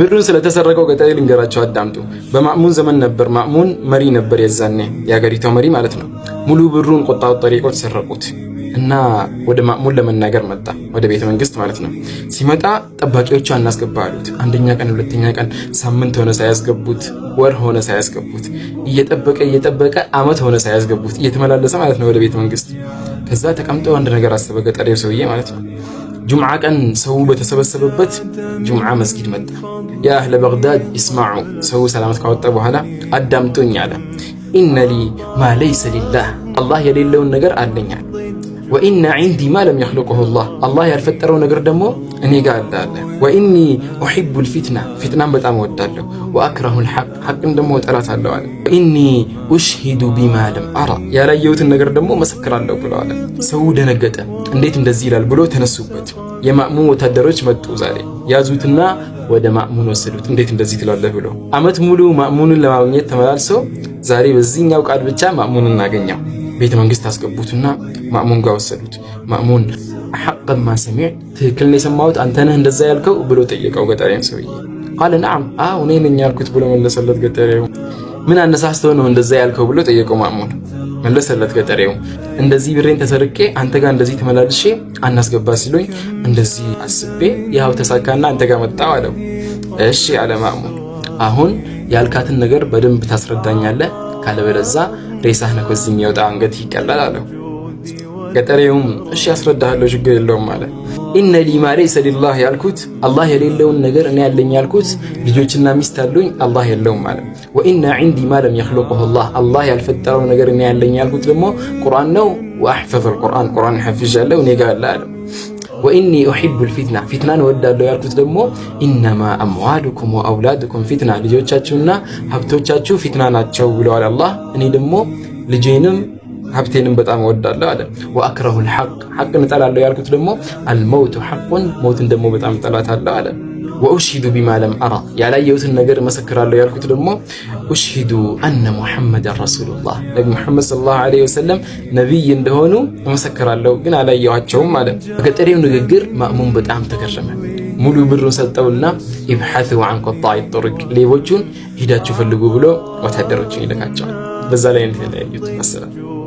ብሩን ስለተሰረቀው ገጠሬ ልንገራቸው አዳምጡ። በማእሙን ዘመን ነበር። ማእሙን መሪ ነበር፣ የዛኔ የሀገሪቷ መሪ ማለት ነው። ሙሉ ብሩን ቆጣው ጠሪቆች ሰረቁት እና ወደ ማእሙን ለመናገር መጣ፣ ወደ ቤተ መንግስት ማለት ነው። ሲመጣ ጠባቂዎቹ አናስገባ አሉት። አንደኛ ቀን፣ ሁለተኛ ቀን፣ ሳምንት ሆነ ሳያስገቡት፣ ወር ሆነ ሳያስገቡት፣ እየጠበቀ እየጠበቀ አመት ሆነ ሳያስገቡት፣ እየተመላለሰ ማለት ነው ወደ ቤተ መንግስት። ከዛ ተቀምጦ አንድ ነገር አሰበ ገጠሬው ሰውዬ ማለት ነው ጁምዓ ቀን ሰው በተሰበሰበበት ጁምዓ መስጊድ መጣ። የአህለ አህለ በግዳድ ይስማዑ፣ ሰው ሰላመት ካወጣ በኋላ አዳምጦኝ አለ። ኢነሊ ሊ ማ ለይሰ ሊላህ፣ አላህ የሌለውን ነገር አለኛል። ወኢነ ዒንዲ ማ ለም የኽልቁሁ ላህ፣ አላህ ያልፈጠረው ነገር ደግሞ እኔ ጋር እንዳለ ወኢኒ ኡሒቡል ፊትና ፊትናን በጣም እወዳለሁ፣ ወአክረሁል ሐቅ ሐቅን ደግሞ አለው አለ። ወኢኒ ኡሽሂዱ ቢማ ለም አራ ያላየሁትን ነገር ደግሞ መሰክራለሁ ብለዋል። ሰው ደነገጠ። እንዴት እንደዚህ ይላል ብሎ ተነሱበት። የማእሙን ወታደሮች መጡ። ዛሬ ያዙትና ወደ ማእሙን ወሰዱት። እንዴት እንደዚህ ትላለህ ብሎ አመት ሙሉ ማእሙንን ለማግኘት ተመላልሰው ዛሬ በዚህኛው ቃል ብቻ ማእሙን እናገኘው ቤተ መንግስት አስገቡትና ማእሙን ጋር ወሰዱት። ማእሙን ሐቅን ማሰሚዕ ትክክልን የሰማሁት አንተነህ እንደዛ ያልከው ብሎ ጠየቀው ገጠሬውን ሰውዬ። ቃለ ነዓም አዎ እኔ ነኝ ያልኩት ብሎ መለሰለት ገጠሬው። ምን አነሳስተው ነው እንደዛ ያልከው ብሎ ጠየቀው ማእሙን። መለሰለት ገጠሬው እንደዚህ ብሬን ተሰርቄ አንተ ጋር እንደዚህ ተመላልሼ አናስገባ ሲሉኝ እንደዚህ አስቤ ያው ተሳካና አንተ ጋር መጣው አለው። እሺ አለ ማእሙን። አሁን ያልካትን ነገር በደንብ ታስረዳኛለህ፣ ካለበለዛ ሬሳህ ነኮዝኝ ይወጣ አንገት ይቀላል አለው። ገጠሬውም እሺ ያስረዳሃለሁ ችግር የለውም አለ። ኢነ ሊ ማ ሊላህ ያልኩት አላህ የሌለውን ነገር እኔ ያለኝ ያልኩት ልጆችና ሚስት አሉኝ አላህ የለውም አለ። ወኢነ ዒንዲ ማለም ለም የኽልቁሁ አላህ ያልፈጠረው ነገር እኔ ያለኝ ያልኩት ደግሞ ቁርአን ነው። ወአሕፈዝ አልቁርአን ቁርአን ሐፊዣለሁ እኔ ጋር አለ አለ። ወኢኒ ኡሒቡል ፊትና ፊትናን እወዳለሁ ያልኩት ደግሞ ኢነማ አምዋሉኩም ወአውላድኩም ፊትና ልጆቻችሁና ሀብቶቻችሁ ፊትና ናቸው ብለዋል አላህ። እኔ ደግሞ ልጄንም ሀብቴንም በጣም እወዳለሁ አለ። ወአክረሁል ሐቅ ሐቅን እጠላለሁ ያልኩት ደግሞ አልመውቱ ሐቁን ሞትን ደግሞ በጣም እጠላታለሁ አለ። ወኡሽሂዱ ቢማለም አራ ያላየሁትን ነገር እመሰክራለሁ ያልኩት ደግሞ ኡሽሂዱ አነ ሙሐመደን ረሱሉላህ ነቢ ሙሐመድ ሰለላሁ ዐለይሂ ወሰለም ነቢይ እንደሆኑ እመሰክራለሁ፣ ግን አላየኋቸውም አለ። በገጠሬው ንግግር ማእሙም በጣም ተገረመ። ሙሉ ብሩን ሰጠውና ኢብሐቱ ዐን ቁጣኢ ጡሪቅ ሌቦቹን ሂዳችሁ ፈልጉ ብሎ ወታደሮችን ይልካቸዋል። በዛ ላይ ነው የተለያዩት